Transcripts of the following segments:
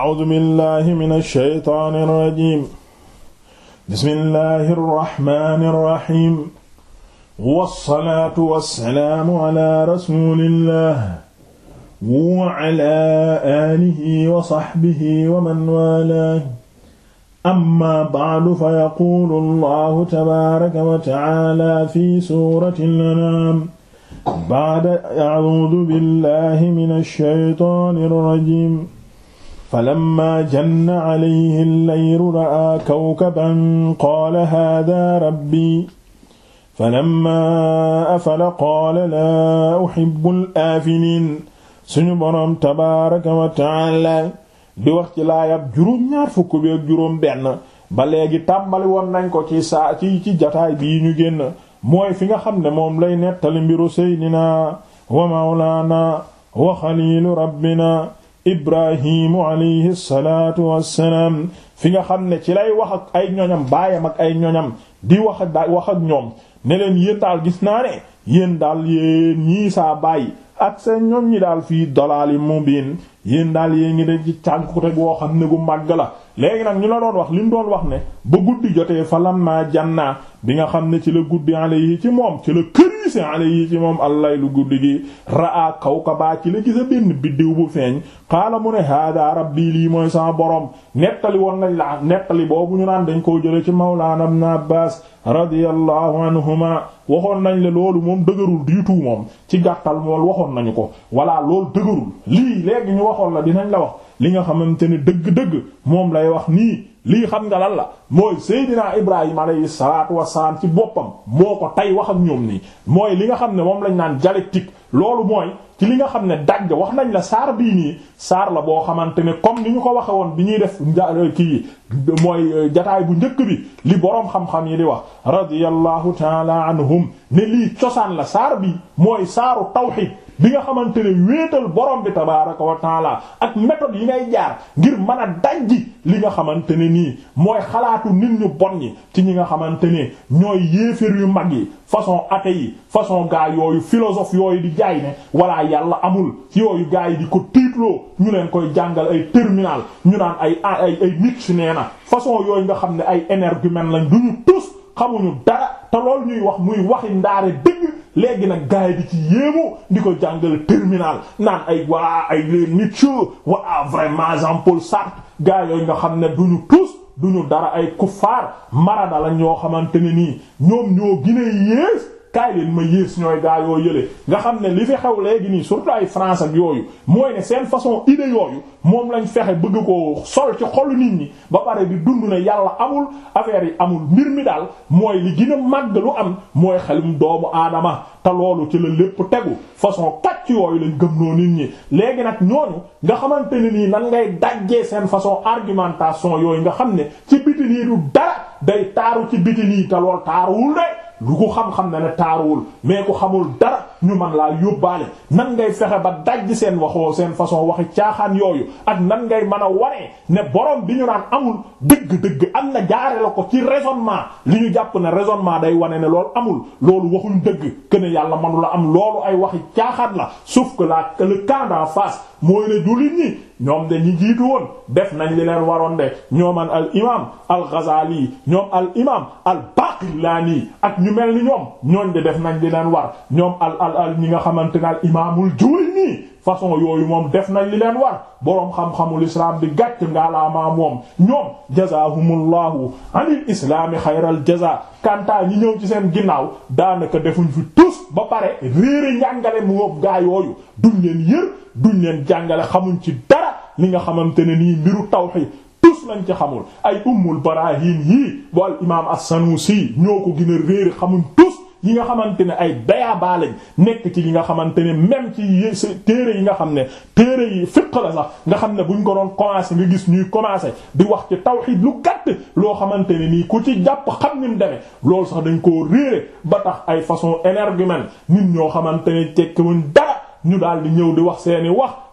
A'uuzu billaahi mina shaytaani rajiim. Bismillaahi rahmaani rahiim. Wassalaatu wassalaamu alaa rasuulillaahi wa alaa aalihi wa sahbihi wa man waalaahu. Ammaa ba'du fayaquulu Allaahu tabaaraka wa ta'aalaa fii suuratil Anaam. Ba'da a'uuzu billaahi mina shaytaani rajiim. falamma janna alayhi al-laylu ra'aa kawkaban qaala haadaa rabbii falamma afala qaala laa uhibbu al-aafiliin suñu boroom tabaaraka wa ta'aala di wax ci laayab juróom-ñaar fukk bi ak juróom-benn ba léegi tàmbali woon nañ ko ci saa ci ci jataay bii ñu génn mooy fi nga xam ne moom lay nettali mbiru seydinaa wa mawlaanaa wa xaliilu rabbinaa ibrahimu alayhi salaatu wassalaam fi nga xam ne ci lay wax ak ay ñoñam baayam ak ay ñoñam di wax ak da wax ak ñoom ne leen yéen daal gis naa ne yéen daal yéen ñii saa bàyyi ak seen ñoom ñi daal fii dalaali mubiin yéen daal yéen ngi dañ ci cànkute woo xam ne gu mag la léegi nag ñu la doon wax li mu doon wax ne ba guddi jotee fa lammaa janna bi nga xam ne ci la guddi alayhi ci moom ci la kër gisee alayhi ci moom allaylu guddi gi raa kawkaba ci la gisa benn biddiw bu feeñ xaala mu ne hada rabbi lii mooy sama borom nettali woon nañ la nettali boobu ñu naan dañ koo jële ci mawlaana ibn abbas radiyallahu anhuma waxoon nañ la loolu moom dëgërul du tout moom ci gàttal mool waxoon nañu ko walla loolu dëgërul lii léegi ñu waxoon la dinañ la wax li nga xamante ne dëgg-dëgg moom lay wax nii lii xam nga lan la mooy Seydina Ibrahim alayhi salaatu wassalaam ci boppam moo ko tey wax am ñoom nii mooy li nga xam ne moom lañ naan dialectique loolu mooy ci li nga xam ne dagg wax nañ la saar bii nii saar la boo xamante ne comme ni ñu ko waxe woon bi ñuy def euh, kii mooy euh, jataay bu njëkk bi li boroom xam-xam yi di wax radiyallahu taala anhum ne lii cosaan la saar bi mooy saaru tawhid bi nga xamante ne wéetal borom bi tabaaraka wa taala ak méthode yi ngay jaar ngir mën a ji li nga xamante ne nii mooy xalaatu nit ñu bon ñi ci ñi nga xamante ne ñooy yéeféer yu mag yi façon athée yi façon gaa yooyu philosophe yooyu di jaay ne walla yàlla amul yooyu gaa yi di ko tiitloo ñu leen koy jàngal ay terminal ñu naan ay ay ay nit si nee na façon yooyu nga xam ne ay énergumène lañ duñu tus xamuñu dara te loolu ñuy wax muy waxi ndaare dëgg léegi nag gaay bi ci yéemu di ko jàngal terminal naan ay waa ay Nietzsche waa vraiment Jean-Paul Sartre gaay yooyu nga xam ne duñu du ñu dara ay kuffaar marada la ñoo xamante ne nii ñoom ñoo gën a kaay leen ma yées ñooy gaa yoo yële nga xam ne li fi xew léegi nii surtout ay France ak yooyu mooy ne seen façon idée yooyu moom lañ fexe bëgg ko sol ci xolu nit ñi ba pare bi dund ne yàlla amul affaire yi amul mbir mi daal mooy li gën a màgg lu am mooy xelum doomu aadama te loolu ci la lépp tegu façon kàcc yooyu lañ gëm noo nit ñi léegi nag ñooñu nga xamante ne nii nan ngay dajjee seen façon argumentation yooyu nga xam ne ci biti nii du dara day ci biti lu ko xam-xam na ne taaruwul mais ko xamul dara ñu man laa yóbbaale nan ngay fexe ba dajj seen waxoo seen façon waxi caaxaan yooyu ak nan ngay mën a waree ne borom bi ñu naan amul dëgg-dëgg am na jaare la ko ci raisonnement li ñu jàpp ne raisonnement day wane ne loolu amul loolu waxuñ dëgg que ne yàlla mënu la am loolu ay waxi caaxaan la sauf que la le cas face mooy ne jullit ñi ñoom de ñi jiitu woon def nañ li leen waroon de ñoom al imaam al Ghazali ñoom al imaam al Baqilaani ak ñu mel ni ñoom ñooñ de def nañ li leen war ñoom al al al ñi nga xamante ne al imaamul Julayni façon yooyu moom def nañ li leen war boroom xam-xamul islam bi gàcc ngaalaamaa moom ñoom jazahumullahu anil islami xayral jaza kanta ñi ñëw ci seen ginnaaw daanaka defuñ fi tous ba pare réere njàngale mu ngoob gaa yooyu duñ leen yër duñ leen jàngale xamuñ ci li nga xamante ne nii mbiru tawhid tus lañ ci xamul ay ummul barahin yii bu al imaam as si ñoo ko gën a xamuñ tus yi nga xamante ne ay dayabaa lañ nekk ci yi nga xamante ne même ci téere yi nga xam ne téere yi fiq la sax nga xam ne buñ ko doon commencé nga gis ñuy commencé di wax ci tawhid lu gàtt loo xamante ne nii ku ci jàpp xam ni mu demee loolu sax dañ koo réere ba tax ay façon énergumène nit ñoo xamante ne tekkiwuñ dara ñu daal di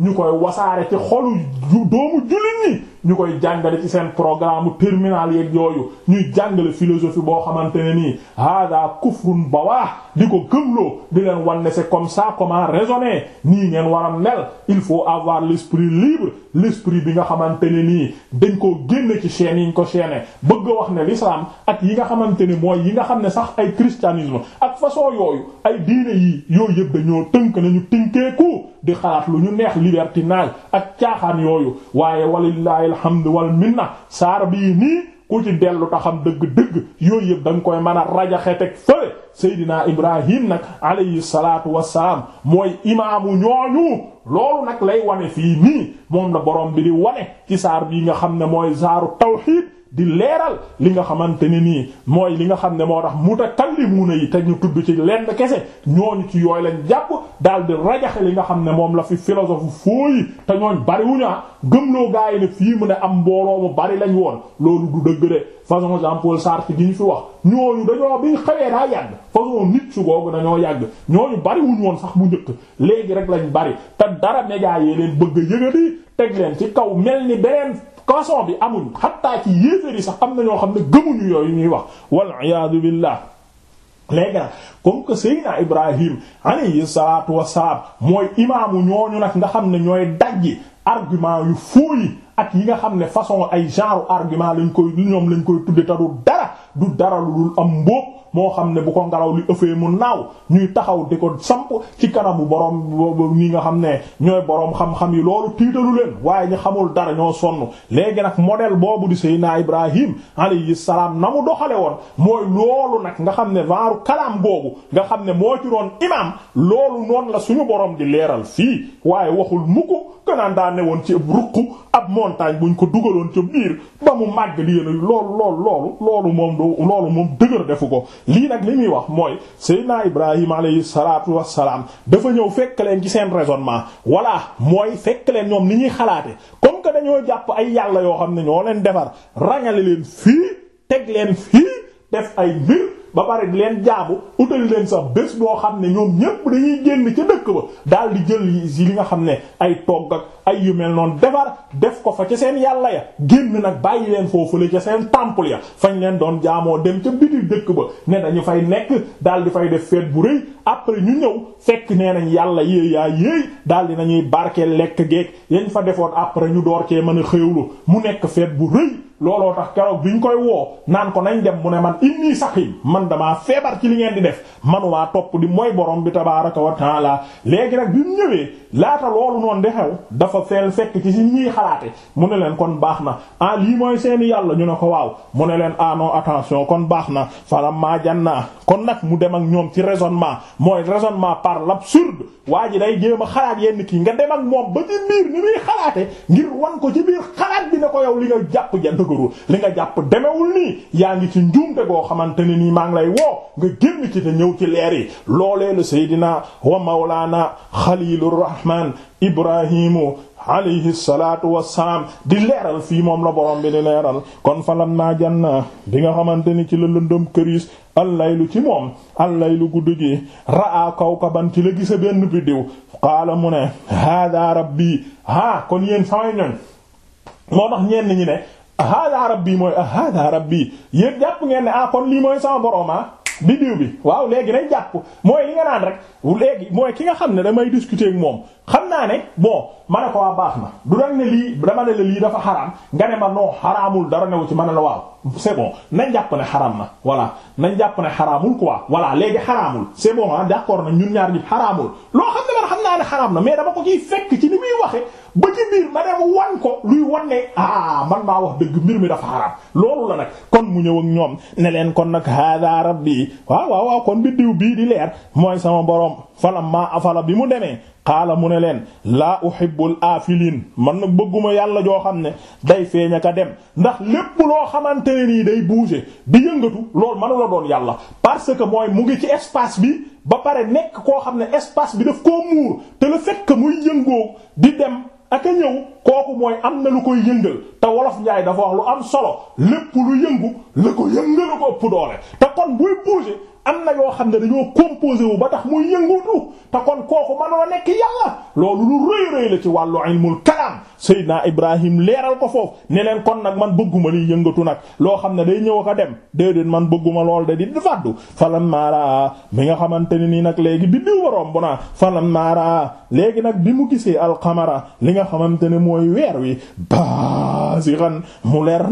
ñu koy wasaare ci xolu doomu jullit ñi ñu koy jàngale ci seen programme terminal yeeg yooyu ñuy jàngale philosophie boo xamante ne nii hada kufrun bawah di ko gëmloo di leen wan ne c'est comme ça comment raisonner nii ngeen war a il faut avoir l'esprit libre l'esprit bi nga xamante ne nii dañ koo génne ci chaîne yi ñu ko chaîne bëgg wax ne l'islam ak yi nga xamante ne mooy yi nga xam ne sax ay christianisme ak façon yooyu ay diine yi yooyu yëpp ñoo tënk nañu tinkeeku di xalaat lu ñu neex libertinage ak caaxaan yooyu waaye walillahi alhamdu wal minna saar bii nii ku ci dellu ta xam dëgg-dëgg yooyu yëpp da nga koy mën a rajaxe teg fële Seydina Ibrahim nag alayhi salaatu wassalaam mooy imaamu ñooñu loolu nag lay wane fii nii moom na borom bi di wane ci saar bii nga xam ne mooy saaru tawxiid di leeral li nga xamante ne nii mooy li nga xam ne moo tax mutakallimuuna yi te ñu tudd ci lenn kese ñooñu ci yooy lañ jàpp daal di rajaxe li nga xam ne moom la fi philosophe fooyi te ñooñ bariwuñaa ah. gëmloo gaa yi fii mu am mbooloo mu bari lañ woon loolu du dëgg de façon ñu fi wax ñooñu dañoo biñ xawee daa yàgg ñooñu bari woon sax bu njëkk léegi rek lañ bari te dara médias yi leen bëgg a yëgati teg leen ci kaw mel ni beneen façon bi amuñu xattaa ci yéeféer yi sax am na ñoo xam ne gëmuñu yooyu ñuy wax wal iyaadu billah léegi nag comme que Seydina Ibrahim alayhi salaatu wassalaam mooy imaamu ñooñu nag nga xam ne ñooy dajji argument yu fooyi at yi nga xam ne façon ay genre argument lañ koy ñoom lañ koy tudde ta du dara du dara lu dul am mbóob moo xam ne bu ko ngelaw li ëffee mun naaw ñuy taxaw di ko samp ci kanamu borom ñi nga xam ne ñooy boroom xam-xam yi loolu tiitalu leen waaye ñu xamul dara ñoo sonn léegi nag model boobu di Seydina Ibrahim alayhi salaam na mu doxale woon mooy loolu nag nga xam ne waaru kalaam boobu nga xam ne moo ci doon imaam loolu noonu la suñu boroom di leeral fii waaye waxul mukk kanaan daa newoon ci ab ruq ab montagne buñ ko dugaloon ca biir ba mu màgg lii loolu loolu loolu loolu moom du loolu moom dëgër defu ko lii nag li muy wax mooy Seydina Ibrahima alayhi salaatu wassalaam dafa ñëw fekk leen ci seen raisonnement voilà mooy fekk leen ñoom ni ñuy xalaate comme que dañoo jàpp ay yàlla yoo xam ne ñoo leen defar ràññale leen fii teg leen fii def ay mbir ba pare di leen jaabu utal leen sax bés boo xam ne ñoom ñépp dañuy génn ca dëkk ba daal di jël yi li nga xam ne ay togg ak ay yu mel noonu defar def ko fa ca seen yàlla ya génn nag bàyyi leen foofule ca seen temple ya fañ leen doon jaamoo dem ca biti dëkk ba ne dañu fay nekk daal di fay def feet bu rëy après ñu ñëw fekk nee nañ yàlla yéey yaa yéey daal di nañuy barkeel lekk geek yañ fa defoon après ñu door cee mën a xéwlu mu nekk feet bu rëy. looloo tax keroog bi ñu koy woo naan ko nañ dem mu ne man inni saqiim man damaa feebar ci li ngeen di def man waa topp di mooy borom bi tabaaraka wa taala léegi nag bi mu ñëwee laata loolu noonu di xew dafa feel fekk ci si ñuy xalaate mu ne leen kon baax na ah lii mooy seeni yàlla ñu ne ko waaw mu ne leen ah non attention kon baax na falam maa janna kon nag mu dem ak ñoom ci raisonnement mooy raisonnement par l'absurde waa ji day jéem a xalaat yenn kii nga dem ak moom ba ci ko ci biir ko yow li nga jàpp dëgërul li nga jàpp demewul nii yaa ngi ci njuumte goo xamante nii maa ngi lay woo nga génn ci te ñëw ci leer yi loolee la Seydina wa Mawlaana Xaliilur Rahmaan Ibrahimu alayhi salaatu wassalaam di leeral fii moom la borom bi di leeral kon falam naa janna bi nga xamante ni ci la lëndëm këriis allaylu ci moom allaylu guddi gi raa kawkaban ci la gisa benn biddiw qaala mu ne hada rabbi haa kon yéen samay ñoñ moo tax ñenn ñi ne hada rabbi mooy ah, hada rabbi yéen jàpp ngeen ne ah kon lii mooy sama borom ah bi diw bi waaw léegi nañ jàpp mooy li nga naan rek léegi mooy ki nga xam ne damay discuter moom xam naa ne bon ma ne ko waa ah, baax na du rek ne lii dama ne lii dafa xaraam nga ne ma non xaraamul dara newu ci ma ne la waaw c'est bon nañ jàpp ne xaraam na voilà nañ jàpp ne xaraamul quoi voilà léegi xaraamul c'est bon ah d'accord na ñun ñaar ñi xaraamul loo xam ne xam naa ne xaraam na mais dama ko ciy fekk ci ni muy waxe ba ci ma dem wan ko luy wan ne ah, man maa wax dëgg mbir mi dafa xaraam loolu la nag kon mu ñëw ak ñoom ne leen kon nag hada rabbi waaw kon bi diw bii di leer mooy sama borom falam maa afala bi mu demee qaala mu ne leen laa uhibbul aafiliin man na bëgguma yàlla joo xam ne day feeñ ak a dem ndax lépp loo xamante ne nii day bouger di yëngatu lool mënu la doon yàlla parce que mooy mu ngi ci espace bi ba pare nekk koo xam ne espace bi daf koo muur te le fait muy yëngoo di dem aka ñëw kooku mooy am na lu koy yëngal te wolof njaay dafa wax lu am solo lépp lu yëngu la ko yëngal ko ëpp doole te kon buy bouger am na yoo xam ne dañoo composé wu ba tax muy yëngutu te kon kooku mënoo nekk yàlla loolu lu rëy rëy la ci wàllu ilmul Seydina Ibrahim leeral ko foofu ne leen kon nag man bëgguma liy yëngatu nag loo xam ne day ñëw ak a dem déedéet man bëgguma lool de di fàddu falan maara mi nga xamante ne nii nag léegi bi diw naa falan maara léegi nag bi mu gisee alxamara li nga xamante ne mooy weer wi baasiran mu leer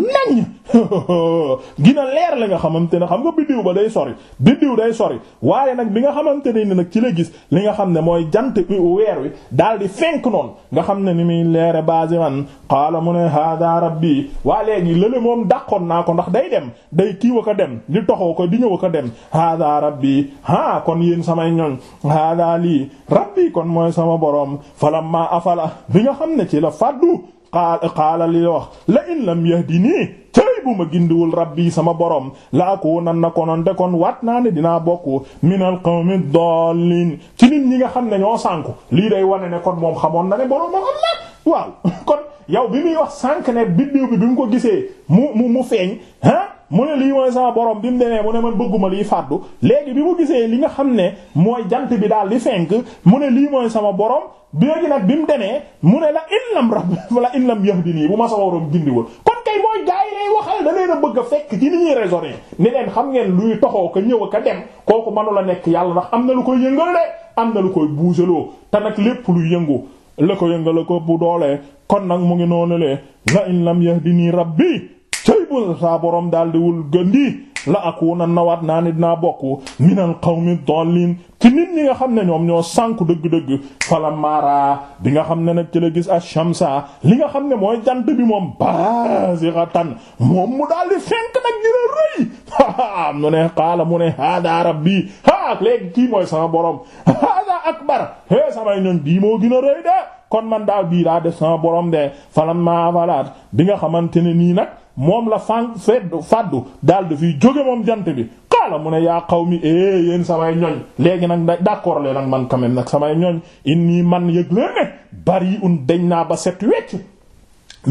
gina leer li nga xamante ne xam nga biddiw ba day sori biddiw day sori waaye nag bi nga xamante ne ni nag ci la gis li nga xam ne mooy jant weer wi daal di fenk noonu nga xam ne ni muy leere baziman qaala la ne hada rabbi waa léegi lële moom dàqoon naa ko ndax day dem day kiiwa ko dem di toxoo ko di ñëwa ko dem hada rabbi ha kon yéen samay ñoñ hada lii rabbi kon mooy sama borom falamma afala bi nga xam ne ci la faddu qaala li wax la in lam yahdini bu ma gindiwul rabbi sama borom la ko nan na konoon de kon waat naa ne dinaa bokk minal qawmi ci nit ñi nga xam ne ñoo sànku lii day wane ne kon moom xamoon na ne borom am la waaw kon yow bi muy wax sànq ne biddiw bi bi mu ko gisee mu mu mu feeñ ah mu ne lii mooy sama borom bi mu demee mu ne man bëgguma liy fàddu léegi bi mu gisee li nga xam ne mooy jant bi daal di fenk mu ne lii mooy sama borom léegi nag bi mu demee mu ne la in lam rab la in lam yahdini bu ma sama borom gindiwul kon kay mooy gaa yi lay waxal da leen bëgg a fekk ci ni ñuy raisonné ne leen xam ngeen luy toxoo ko ñëw ak a dem kooku nu la nekk yàlla ndax am na lu koy yëngal de am na lu koy buuseloo te nag lépp luy yëngu la ko yëngal ko bu doole kon nag mu ngi noonu le la in lam yahdini rabbi cëy bu saa borom daal di wul gëndi la akuna nawaat naa ni dinaa bokk minal qawmi dallin ci nit ñi nga xam ne ñoom ñoo sànku dëgg-dëgg fala mara bi nga xam ne nag ci la gis ash-shamsa li nga xam ne mooy jant bi moom baazigatan moom mu daal di fenk nag ñu ne rëy aa mu ne qaala mu ne hada rabbi haa léegi kii mooy sama borom hada akbar hee samay ñoñ bii moo gën rëy de kon man daal bii daa def sama borom de falam ma avalaat bi nga xamante ne nii nag moom la fan fedd fàddu daal dafiy jóge moom jant bi qaala mu ne yaa mi eh yéen samay ñoñ léegi nag da d'accord leen nag man quand nag samay ñoñ inni man yëg leen ne bari'un deñ naa ba set wecc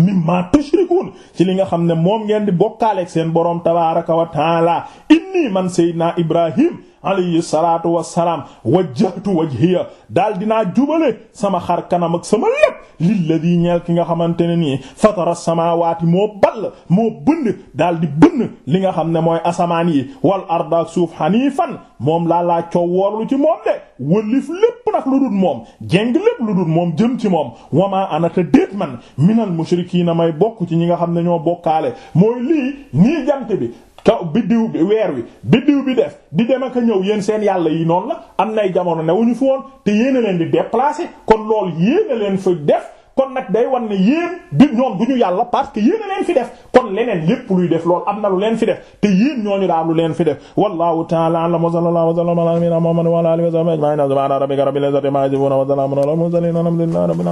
mimma tushrikun ci li nga xam ne moom ngeen di bokkaaleeg seen borom tabaaraka wa taala inni man sayyidina Ibrahim alayhi salaatu wassalaam wajjahtu wajhiya daal dinaa jubale sama xar kanam ak sama lépp lilladi ñeel ki nga xamante ne nii fatara samaawaati moo ball moo bënd daal di bënn li nga xam ne mooy asamaan yi wal ardaak suuf haniifan moom laa laa coow woorlu ci moom de wëllif lépp nag lu dul moom jeng lépp lu dul moom jëm ci moom wamaa anata déet man minal mushrikiina may bokk ci ñi nga xam ne ñoo bokkaale mooy lii nii jant bi taw biddiw weer wi biddiw bi def di dem ak ñëw yéen seen yàlla yi noonu la am nay jamono ñu fi woon te yéen a leen di déplacer kon loolu yéen a leen fa def kon nag day wan ne yéen a leen fi def kon leneen lépp luy def loolu am na lu leen fi def te yéen ñooñu daal leen fi def wallahu ta'ala a'lam wa sallallahu wa sallama ala nabiyyina muhammadin wa ala alihi wa sahbihi ajma'in subhana rabbika alhamdulillahi rabbil alamin